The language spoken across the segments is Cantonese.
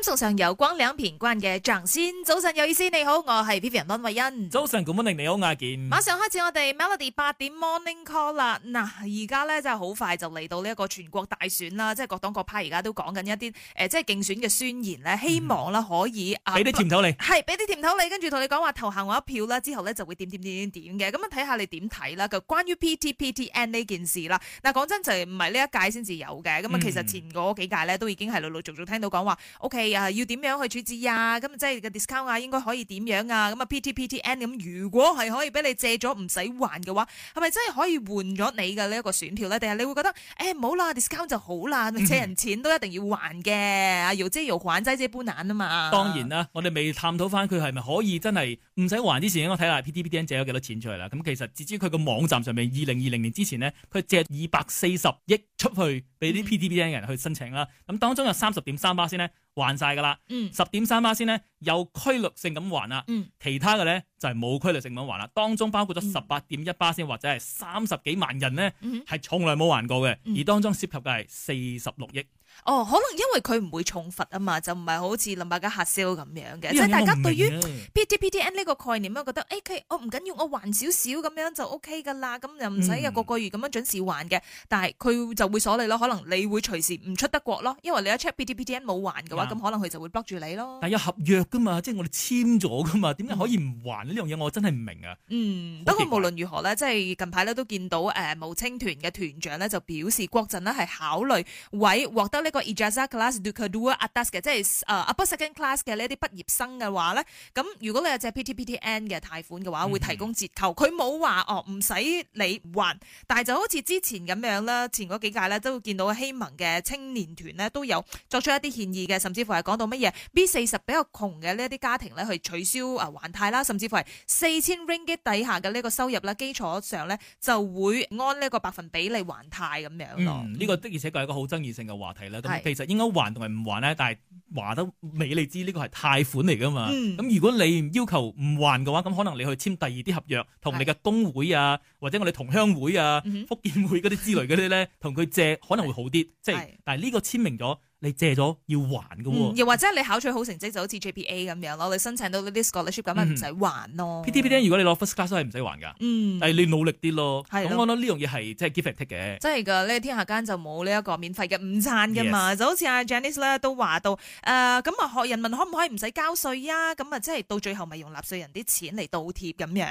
今集上有光，兩片關嘅，搶先早晨有意思，你好，我係 Vivian 溫慧欣。早晨 good morning，你好，亞健。馬上開始我哋 Melody 八點 morning call 啦。嗱，而家咧真係好快就嚟到呢一個全國大選啦，即係各黨各派而家都講緊一啲誒、呃，即係競選嘅宣言咧，希望啦可以俾啲甜頭你，係俾啲甜頭你，跟住同你講話投行我一票啦，之後咧就會點點點點點嘅。咁啊睇下你點睇啦？就關於 PTPTN 呢件事啦。嗱，講真就係唔係呢一屆先至有嘅，咁啊其實前嗰幾屆咧都已經係陸陸續續聽到講話，OK。要點樣去處置啊？咁即係個 discount 啊，應該可以點樣啊？咁啊，P T P T N 咁，如果係可以俾你借咗唔使還嘅話，係咪真係可以換咗你嘅呢一個選票咧？定係你會覺得誒，冇啦，discount 就好啦，借人錢都一定要還嘅，有借有還，再借唔難啊嘛。當然啦，我哋未探討翻佢係咪可以真係唔使還之前，我睇下 P T P T N 借咗幾多錢出嚟啦。咁其實至於佢個網站上面二零二零年之前呢，佢借二百四十億出去俾啲 P T P T N 人去申請啦。咁、嗯、當中有三十點三巴仙呢。還晒噶啦，十點三巴先咧有規律性咁還啦，其他嘅咧就係冇規律性咁還啦。當中包括咗十八點一巴先或者係三十幾萬人咧係從來冇還過嘅，而當中涉及嘅係四十六億。哦，可能因為佢唔會重罰啊嘛，就唔係好似林伯家的核銷咁樣嘅，即係大家對於 P T P T N 呢個概念咧，我覺得誒佢、哎、我唔緊要，我還少少咁樣就 O K 噶啦，咁又唔使個個月咁樣準時還嘅、嗯，但係佢就會鎖你咯，可能你會隨時唔出得國咯，因為你一 check P T P T N 冇還嘅話，咁、嗯、可能佢就會 block 住你咯。但有合約噶嘛，即係我哋簽咗噶嘛，點解可以唔還呢？呢樣嘢我真係唔明啊。嗯，不過、嗯、無論如何咧，即係近排咧都見到誒、呃、巫青團嘅團長咧就表示，國陣呢係考慮委獲得一個二等級 class 讀卡奴啊，讀書嘅即係誒，阿、uh, upper second class 嘅呢一啲畢業生嘅話咧，咁如果你有隻 PTPTN 嘅貸款嘅話，會提供折扣。佢冇話哦，唔使你還，但係就好似之前咁樣啦，前嗰幾屆咧都見到希盟嘅青年團咧都有作出一啲建議嘅，甚至乎係講到乜嘢 B 四十比較窮嘅呢一啲家庭咧去取消啊還貸啦，甚至乎係四千 ringgit 底下嘅呢個收入啦，基礎上咧就會按呢一個百分比例還貸咁樣。呢個的而且確係一個好爭議性嘅話題咧。其實應該還同埋唔還咧，但係話得俾你知呢、這個係貸款嚟噶嘛？咁、嗯、如果你要求唔還嘅話，咁可能你去簽第二啲合約，同你嘅工會啊，或者我哋同鄉會啊、嗯、福建會嗰啲之類嗰啲咧，同佢借 可能會好啲。即係，但係呢個簽名咗。你借咗要還噶，又或者你考取好成績，就好似 JPA 咁樣咯，你申請到啲 discount 你咁咪唔使還咯。P.T.P、嗯、呢？PTPTN, 如果你攞 first class 係唔使還噶，嗯，誒，你努力啲咯。咁我覺得呢樣嘢係即係 give and take 嘅，真係噶，你、這個、天下間就冇呢一個免費嘅午餐噶嘛，yes. 就好似阿、啊、Janice 啦，都話到誒，咁啊，學人民可唔可以唔使交稅啊？咁啊，即係到最後咪用納稅人啲錢嚟倒貼咁樣。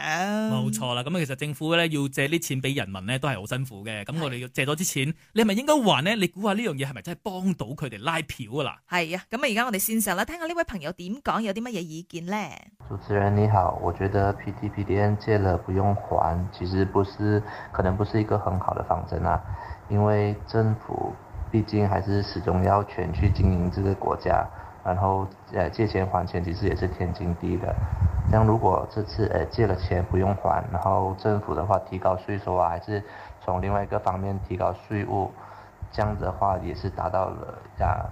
冇錯啦，咁啊，其實政府咧要借啲錢俾人民咧都係好辛苦嘅，咁我哋借咗啲錢，你係咪應該還呢？你估下呢樣嘢係咪真係幫到佢哋？拉票噶啦，係啊，咁啊而家我哋線上啦，聽下呢位朋友點講，有啲乜嘢意見咧？主持人你好，我覺得 PTPTN 借了不用還，其實不是，可能不是一個很好的方針啊，因為政府畢竟還是始終要全去經營這個國家，然後誒借錢還錢其實也是天經地義的，但如果這次誒、哎、借了錢不用還，然後政府的話提高稅收啊，還是從另外一個方面提高稅務。這樣子的話也是達到了啊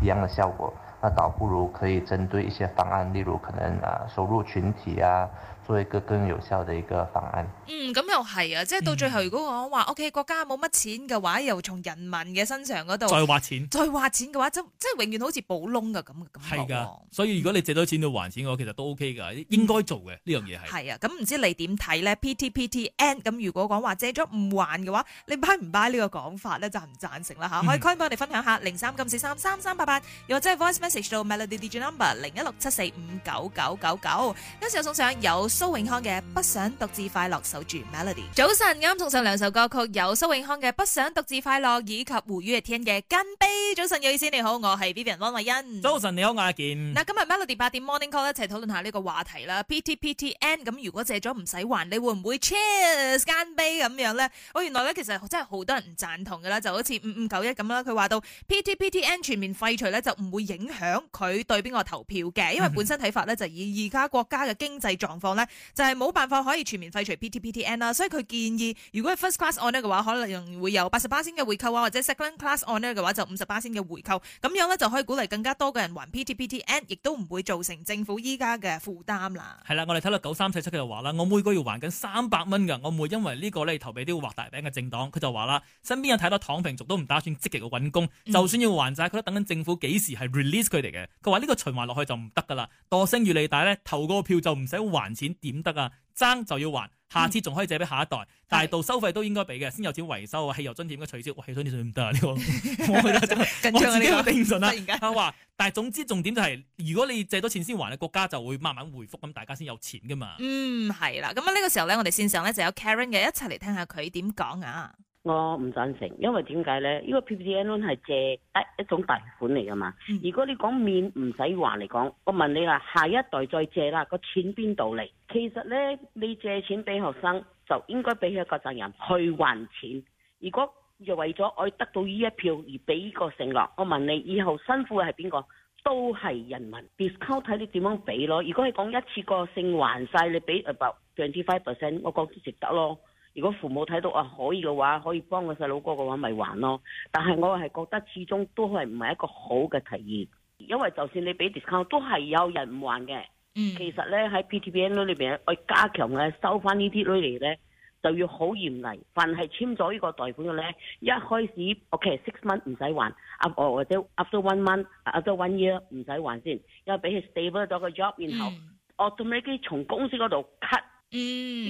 一樣的效果，那倒不如可以針對一些方案，例如可能啊，收入群體啊。做一個更有效嘅一個方案。嗯，咁又係啊，即係到最後如果我話，O K，國家冇乜錢嘅話，又從人民嘅身上嗰度再挖錢，再挖錢嘅話，就即係永遠好似補窿嘅咁嘅感覺。係噶，所以如果你借到錢要還錢嘅話，其實都 O K 噶，應該做嘅呢樣嘢係。係、這、啊、個，咁唔、嗯嗯嗯、知你點睇咧？P T P T N，咁如果講話借咗唔還嘅話，你 buy 唔 buy 呢個講法咧？就唔贊成啦吓、啊。可以 call 幫我哋分享下零三咁四三三三八八，又或者係 voice message 到 Melody Digi Number 零一六七四五九九九九。 時候有次送上有。蘇永康嘅不想獨自快樂，守住 Melody。早晨，啱送上兩首歌曲，有蘇永康嘅不想獨自快樂，以及胡宇軒嘅乾杯。早晨，有意思，你好，我係 Vivian 汪慧欣。早晨，你好，阿健。嗱，今日 Melody 八點 Morning Call 就討論一齊討論下呢個話題啦。PTPTN 咁如果借咗唔使還，你會唔會 Cheers 乾杯咁樣咧？我原來咧其實真係好多人唔讚同噶啦，就好似五五九一咁啦，佢話到 PTPTN 全面廢除咧，就唔會影響佢對邊個投票嘅，因為本身睇法咧就是以而家國家嘅經濟狀況咧。就係、是、冇辦法可以全面廢除 PTPTN 啦，所以佢建議如果係 First Class Honours 嘅話，可能會有八十巴仙嘅回扣啊，或者 Second Class Honours 嘅話就五十巴仙嘅回扣，咁樣咧就可以鼓勵更加多嘅人還 PTPTN，亦都唔會造成政府依家嘅負擔啦。係啦，我哋睇到九三四七佢就話啦，我每個月要還緊三百蚊噶，我唔會因為呢個咧投俾啲畫大餅嘅政黨。佢就話啦，身邊有太多躺平族都唔打算積極嘅揾工，就算要還債，佢都等緊政府幾時係 release 佢哋嘅。佢話呢個循環落去就唔得噶啦，剁升越嚟越大咧，投嗰個票就唔使還錢。點得啊？爭就要還，下次仲可以借俾下一代。嗯、大道收費都應該俾嘅，先有錢維修啊。汽油津點解取消？汽水津點唔得啊！呢 個我覺得 真係緊張啊！呢個頂唔順啦。話，但係總之重點就係、是，如果你借多錢先還，你國家就會慢慢回復，咁大家先有錢噶嘛。嗯，係啦。咁啊，呢個時候咧，我哋綫上咧就有 Karen 嘅，一齊嚟聽下佢點講啊。我唔贊成，因為點解呢？因為 PPTN 係借得一種貸款嚟噶嘛。如果你講面唔使還嚟講，我問你話下一代再借啦，個錢邊度嚟？其實呢，你借錢俾學生，就應該俾佢一個責任去還錢。如果就為咗我得到呢一票而俾個承諾，我問你以後辛苦係邊個？都係人民。discount 睇你點樣俾咯。如果你講一次個性還晒，你俾 about twenty five percent，我覺得值得咯。如果父母睇到啊，可以嘅話，可以幫個細佬哥嘅話，咪還咯。但係我係覺得始終都係唔係一個好嘅提議，因為就算你俾 discount 都係有人唔還嘅，嗯。其實咧喺 PTPN 裏邊，我加強嘅收翻呢啲類嚟咧，就要好嚴厲。凡係簽咗呢個貸款嘅咧，一開始 OK six months 唔使還，押我或者押咗 one month，押咗 one year 唔使還先，因為俾佢 stable 咗個 job，然後 automatically 從公司嗰度 cut，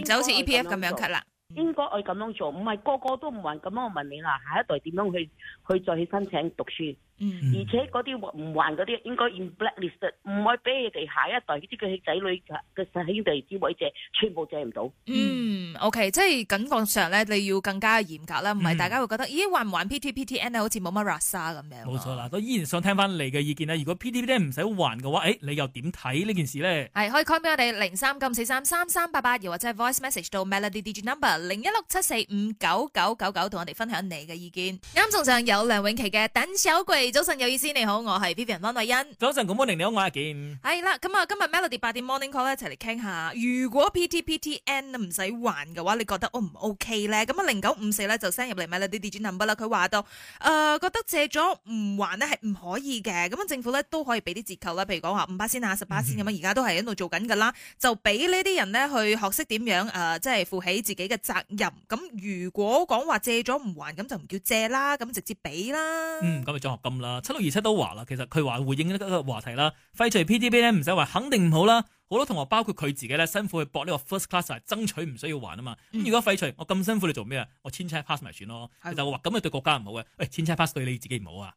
就好似 E P F 咁樣 cut 啦。應該可以咁樣做，唔係個個都唔會咁樣。我問你啦，下一代點樣去去再去申請讀書？嗯，而且嗰啲唔還嗰啲，應該 in black list，唔會俾你哋下一代，啲佢哋仔女嘅嘅兄弟之位借，全部借唔到。嗯，OK，即係感覺上咧，你要更加嚴格啦，唔係大家會覺得，咦，還唔還 P T P T N 咧，好似冇乜 Rasa 咁樣。冇錯啦，都依然想聽翻你嘅意見啦。如果 P T P T N 唔使還嘅話，誒，你又點睇呢件事咧？係可以 call 俾我哋零三九四三三三八八，又或者 voice message 到 Melody D G Number 零一六七四五九九九九，同我哋分享你嘅意見。啱仲上有梁詠琪嘅《膽小鬼》。早晨有意思，你好，我係 Vivian 方慧欣。早晨 Good Morning 你好，我係健。係啦，咁啊，今日 Melody 八點 Morning Call 一齊嚟傾下，如果 PTPTN 唔使還嘅話，你覺得 OK 唔 OK 咧？咁啊，零九五四咧就 send 入嚟，咪啦啲啲轉 number 啦。佢話到誒，覺得借咗唔還咧係唔可以嘅。咁啊，政府咧都可以俾啲折扣啦，譬如講話五巴仙啊，十巴仙咁樣，而家都係喺度做緊噶啦，就俾呢啲人咧去學識點樣誒，即係負起自己嘅責任。咁如果講話借咗唔還，咁就唔叫借啦，咁直接俾啦。嗯，咁啊，中學金。七六二七都話啦，其實佢話回應呢個話題啦，廢除 PTB 咧唔使話肯定唔好啦，好多同學包括佢自己咧辛苦去搏呢個 first class 嚟爭取，唔需要還啊嘛。咁、嗯、如果廢除，我咁辛苦你做咩啊？我千差 pass 咪算咯，就話咁咪對國家唔好嘅。喂、哎，千差 pass 對你自己唔好啊，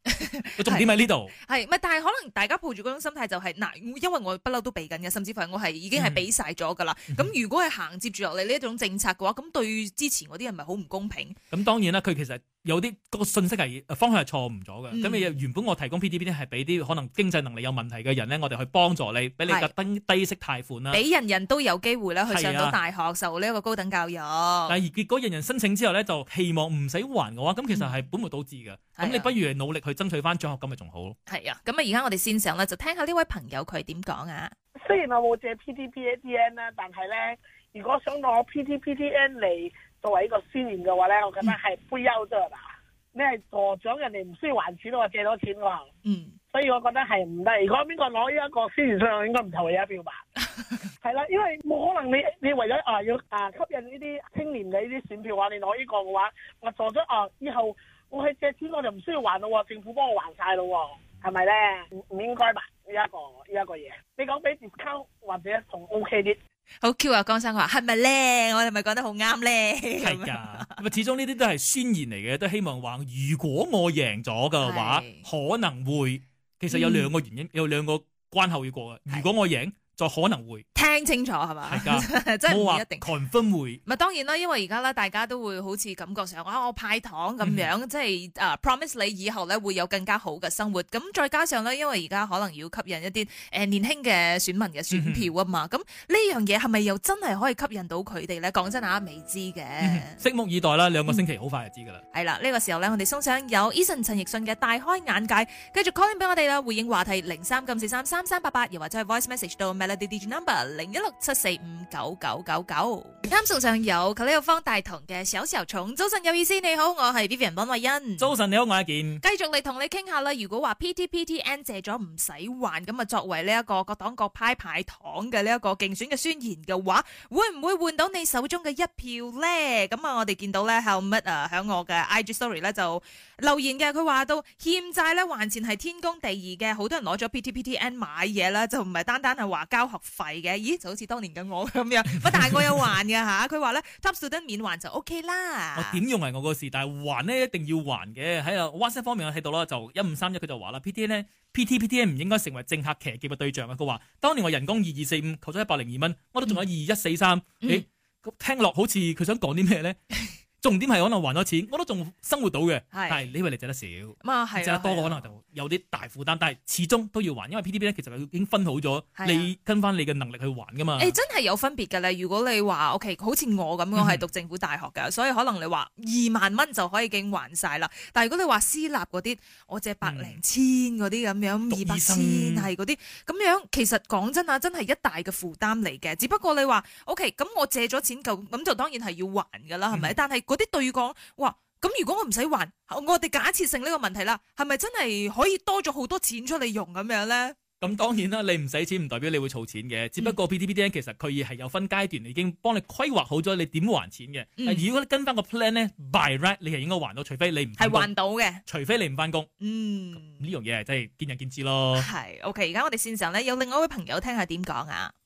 個 重點喺呢度。係咪？但係可能大家抱住嗰種心態就係、是、嗱，因為我不嬲都避緊嘅，甚至乎我係已經係俾晒咗噶啦。咁、嗯、如果係行接住落嚟呢一種政策嘅話，咁對於之前嗰啲人咪好唔公平。咁、嗯、當然啦，佢其實。有啲個信息係方向係錯誤咗嘅，咁、嗯、你原本我提供 PTP 呢，係俾啲可能經濟能力有問題嘅人咧，我哋去幫助你，俾你嘅低低息貸款啦，俾人人都有機會咧去上到大學受呢一個高等教育。是但係結果人人申請之後咧，就希望唔使還嘅話，咁、嗯、其實係本末倒置嘅。咁你不如你努力去爭取翻獎學金就，咪仲好囉。係啊，咁啊而家我哋線上咧就聽下呢位朋友佢點講啊。雖然我冇借 PTP a T N 啦，但係咧如果想攞 PTPTN 嚟。作為一個宣言嘅話咧，我覺得係背憂啫嘛。你係助長人哋唔需要還錢喎，多借多錢喎。嗯。所以我覺得係唔得。如果邊個攞呢一個宣言，相我應該唔投你一票吧。係 啦，因為冇可能你你為咗啊、呃、要啊吸引呢啲青年嘅呢啲選票嘅話，你攞呢個嘅話，我坐咗啊以後我去借錢我就唔需要還咯，政府幫我還晒咯，係咪咧？唔唔應該吧？呢一個呢一個嘢，你講俾 discount 或者仲 OK 啲。好 Q 啊！江生話，係咪咧？我哋咪講得好啱咧，係噶。咁啊，始終呢啲都係宣言嚟嘅，都希望話如果我贏咗嘅話的，可能會。其實有兩個原因，嗯、有兩個關口要過嘅。如果我贏，就可能會。聽清楚係嘛？係噶，真係唔 一定。群婚會咪當然啦，因為而家咧，大家都會好似感覺上啊，我派糖咁樣，嗯、即係啊、uh,，promise 你以後咧會有更加好嘅生活。咁再加上咧，因為而家可能要吸引一啲誒、呃、年輕嘅選民嘅選票啊嘛。咁、嗯、呢樣嘢係咪又真係可以吸引到佢哋咧？講真啊，未知嘅、嗯，拭目以待啦。兩個星期好快就知噶啦。係、嗯、啦，呢、這個時候咧，我哋送上有 Eason 陳奕迅嘅大開眼界，繼續 call in 俾我哋啦。回應話題零三九四三三三八八，又或者係 voice message 到 melody digit number。零一六七四五九九九九，群 組上有佢呢個方大同嘅小小重。早晨有意思，你好，我係 Vivian 溫慧欣，早晨你好，我阿健。繼續嚟同你傾下啦。如果話 P T P T N 借咗唔使還，咁啊作為呢一個各黨各派派糖嘅呢一個競選嘅宣言嘅話，會唔會換到你手中嘅一票呢？咁啊，我哋見到咧，後啊響我嘅 I G Story 咧就留言嘅，佢話到欠債咧還錢係天公地義嘅，好多人攞咗 P T P T N 買嘢啦，就唔係單單係話交學費嘅。 就好似當年嘅我咁樣，不但係我有還嘅吓，佢話咧 Top student 免還就 O、OK、K 啦。我點用係我個事，但係還呢，一定要還嘅。喺我 WhatsApp 方面我睇到啦，就一五三一佢就話啦，PTA PTP t 唔應該成為政客騎劫嘅對象啊。佢話當年我人工二二四五，扣咗一百零二蚊，我都仲有二一四三。你、嗯、咁、欸、聽落好似佢想講啲咩咧？ 重點係可能還咗錢，我都仲生活到嘅。係，但係你為你借得少嘛，係、嗯、借、啊、得多嘅可能就有啲大負擔，啊啊、但係始終都要還，因為 PTB 咧其實已經分好咗，你跟翻你嘅能力去還㗎嘛。誒、啊、真係有分別㗎啦！如果你話 OK，好似我咁樣係讀政府大學㗎、嗯，所以可能你話二萬蚊就可以已經還晒啦。但係如果你話私立嗰啲，我借百零千嗰啲咁樣二百千係嗰啲咁樣，其實講真啊，真係一大嘅負擔嚟嘅。只不過你話 OK，咁我借咗錢咁就咁就當然係要還㗎啦，係、嗯、咪？但係嗰啲對講，哇！咁如果我唔使還，我哋假設性呢個問題啦，係咪真係可以多咗好多錢出嚟用咁樣咧？咁、嗯、當然啦，你唔使錢唔代表你會儲錢嘅，只不過 P T P D 呢，其實佢亦係有分階段，已經幫你規劃好咗你點還錢嘅。嗯、如果你跟翻個 plan 呢，by right 你係應該還到，除非你唔係還到嘅，除非你唔翻工。嗯，呢樣嘢真係見仁見智咯。係，OK，而家我哋綫上咧有另外一位朋友聽下點講啊。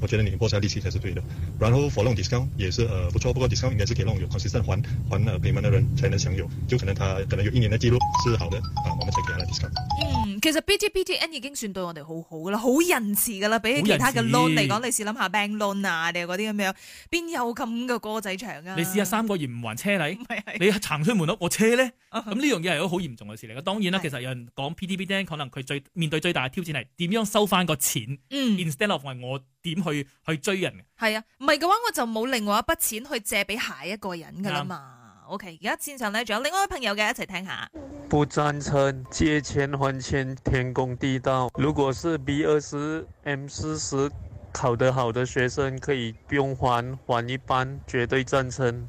我覺得你播晒利息才是對的，然後 for loan discount 也是，誒、呃、不錯，不過 discount 應該是可以讓有 consistent 還還 payment 平穩的人才能享有，就可能他可能有一年的記錄之後咧，啊，我咪直接有 discount。嗯，其實 PTPTN 已經算對我哋好好噶啦，好仁慈噶啦，比起其他嘅 loan 嚟講，你試諗下 bank loan 啊定係嗰啲咁樣，邊有咁嘅歌仔唱啊？你試下三個月唔還車貸，你行出門屋個車呢。咁、啊、呢樣嘢係一個好嚴重嘅事嚟嘅。當然啦，yes. 其實有人講 PTPTN，可能佢最面對最大嘅挑戰係點樣收翻個錢。嗯，instead of 係我。點去去追人嘅？係啊，唔係嘅話我就冇另外一筆錢去借俾下一個人噶啦嘛。OK，而家線上咧仲有另外一位朋友嘅一齊聽下。不贊成，借錢還錢，天公地道。如果是 B 二十 M 四十，考得好的學生，可以不用還，還一班，絕對贊成。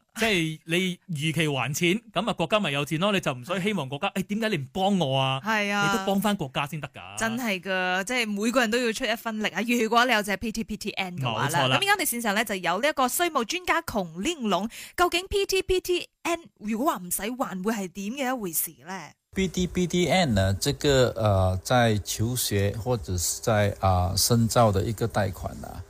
即係你預期還錢，咁 啊國家咪有錢咯？你就唔使希望國家？誒，點、哎、解你唔幫我啊？係啊，你都幫翻國家先得噶。真係噶，即係每個人都要出一分力啊！如果你有隻 P T P T N 嘅話啦，咁而家我哋線上咧就有呢一個稅務專家窮拎籠，究竟 P T P T N 如果話唔使還會係點嘅一回事咧？B D B D N 呢？即 BD,、這個誒、呃，在求學或者是在啊、呃、深造嘅一個貸款啦、啊。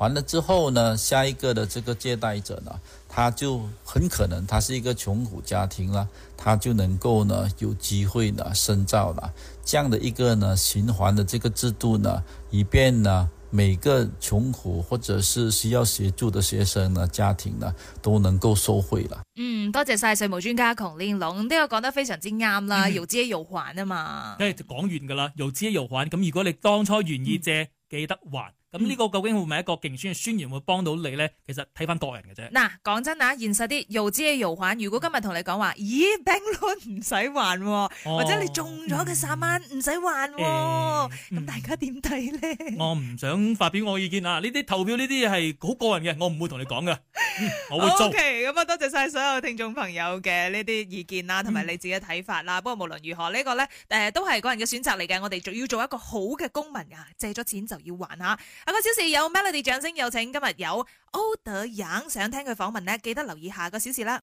完了之後呢，下一個的這個借貸者呢，他就很可能他是一個窮苦家庭啦，他就能夠呢有機會呢深造啦。這樣的一個呢循環的這個制度呢，以便呢每個窮苦或者是需要協助的學生呢家庭呢都能夠受惠啦。嗯，多謝晒稅務專家孔令龍，呢、這個講得非常之啱啦，有借有還啊嘛。誒，就講完㗎啦，有借有還。咁如果你當初願意借、嗯，記得還。咁、嗯、呢個究竟會唔會係一個競選宣言會幫到你咧？其實睇翻個人嘅啫。嗱，講真啊，現實啲，又資嘅遊玩如果今日同你講話、嗯，咦，冰類唔使還、哦哦，或者你中咗嘅三萬唔使還、哦，咁、嗯、大家點睇咧？我唔想發表我意見啊！呢啲投票呢啲係係好個人嘅，我唔會同你講噶、 嗯，我會做。OK，咁啊，多謝晒所有聽眾朋友嘅呢啲意見啦，同埋你自己嘅睇法啦、嗯。不過無論如何，這個、呢個咧，誒、呃，都係個人嘅選擇嚟嘅。我哋要做一個好嘅公民啊，借咗錢就要還吓。下個小時有 Melody 掌聲，有請今日有 Oder Yang 想聽佢訪問咧，記得留意下個小時啦。